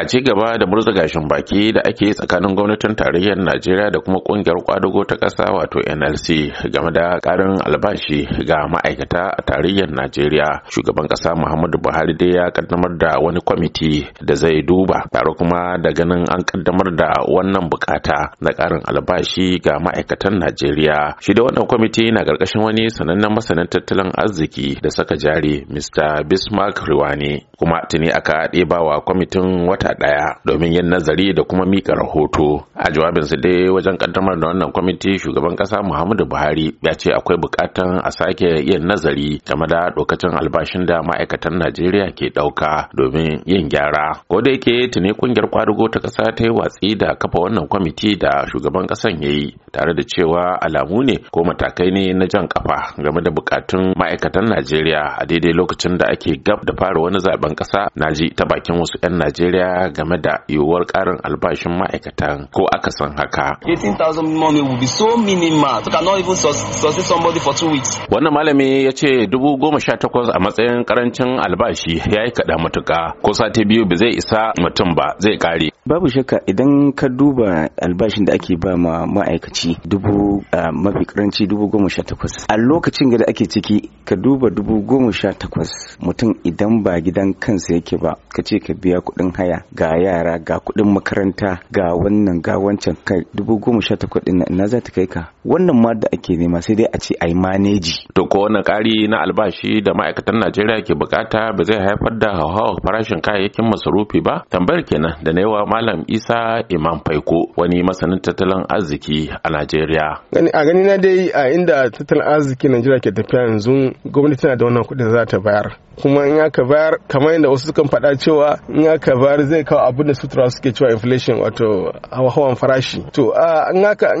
a ci gaba da murza gashin baki da ake yi tsakanin gwamnatin tarayyar najeriya da kuma kungiyar kwadago ta ƙasa wato nlc game da ƙarin albashi ga ma'aikata a tarayyar najeriya shugaban ƙasa muhammadu buhari dai ya kaddamar da wani kwamiti da zai duba tare kuma da ganin an kaddamar da wannan bukata na ƙarin albashi ga ma'aikatan najeriya shi da wannan kwamiti na ƙarƙashin wani sanannen masanin tattalin arziki da saka jari mr bismarck riwani kuma tuni aka ɗebawa kwamitin wata wata ɗaya domin yin nazari da kuma mika rahoto a jawabinsa dai wajen kaddamar da wannan kwamiti shugaban ƙasa muhammadu buhari ya ce akwai buƙatan a sake yin nazari game da dokacin albashin da ma'aikatan najeriya ke ɗauka domin yin gyara ko da yake tuni ƙungiyar kwadugo ta kasa ta yi watsi da kafa wannan kwamiti da shugaban ƙasan ya yi tare da cewa alamu ne ko matakai ne na jan kafa game da bukatun ma'aikatan najeriya a daidai lokacin da ake gab da fara wani zaben ƙasa na ji ta bakin wasu 'yan najeriya game da yiwuwar karin albashin ma'aikatan ko aka san haka. 18,000 money will be so minimal to cannot even sustain somebody for two weeks. Wannan malami ya ce dubu goma sha takwas a matsayin karancin albashi ya yi kaɗa matuƙa ko sati biyu ba zai isa mutum ba zai ƙare. Babu shakka idan ka duba albashin da ake ba ma ma'aikaci dubu mafi karanci dubu goma sha takwas. A lokacin da ake ciki ka duba dubu goma sha takwas mutum idan ba gidan kansa yake ba ka ce ka biya kuɗin haya ga yara ga kuɗin makaranta ga wannan ga wancan kai dubu goma sha takwas ɗin na za ta kai ka wannan ma da ake nema sai dai a ce ai maneji to ko wannan ƙari na albashi da ma'aikatan Najeriya ke bukata ba zai haifar da hauhawar farashin kayayyakin masarufi ba tambayar kenan da na yawa malam Isa Imam Faiko wani masanin tattalin arziki a Najeriya a gani na dai a inda tattalin arziki Najeriya ke tafiya yanzu gwamnati tana da wannan kuɗin za ta bayar kuma in aka bayar kamar yadda wasu sukan faɗa cewa in aka bayar zai kawo abin da sutura suke cewa inflation wato hawan farashi to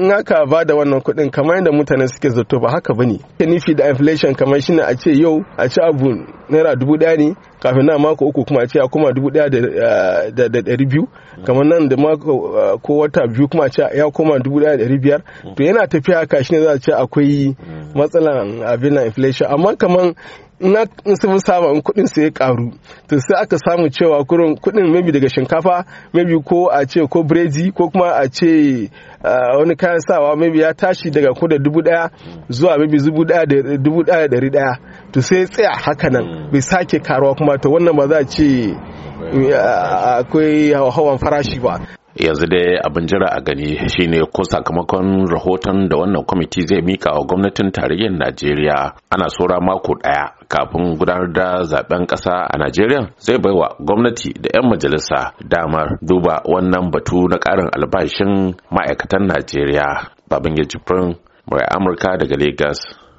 in aka ba da wannan kuɗin din kamar yadda mutane suke zato ba haka bane nufi da inflation kamar shine a ce yau a ci abu naira dubu daya ne kafin na mako uku kuma a ce a kuma dubu daya da eh, dari biyu kamar nan da mako eh, ko wata biyu kuma a ce ya koma dubu daya da dari biyar to yana tafiya haka shine za a ce akwai matsalan abin inflation amma kamar na sun saba in kudin su ya karu to sai aka samu cewa kurin kudin maybe daga shinkafa maybe ko a ce ko biredi ko kuma a ce wani kayan sawa maybe ya tashi daga ko da dubu daya zuwa maybe dubu daya da dubu daya da daya to sai tsaya haka nan hmm. bai sake karuwa kuma to wannan ba za a ce akwai hawan farashi ba yanzu dai abin jira a gani shine ko sakamakon rahoton da wannan kwamiti zai mika wa gwamnatin tarayyar najeriya ana tsora mako daya kafin gudanar da zaben kasa a najeriya zai baiwa gwamnati da 'yan majalisa damar duba wannan batu na karin albashin ma'aikatan najeriya babin yajifin mai amurka daga Legas.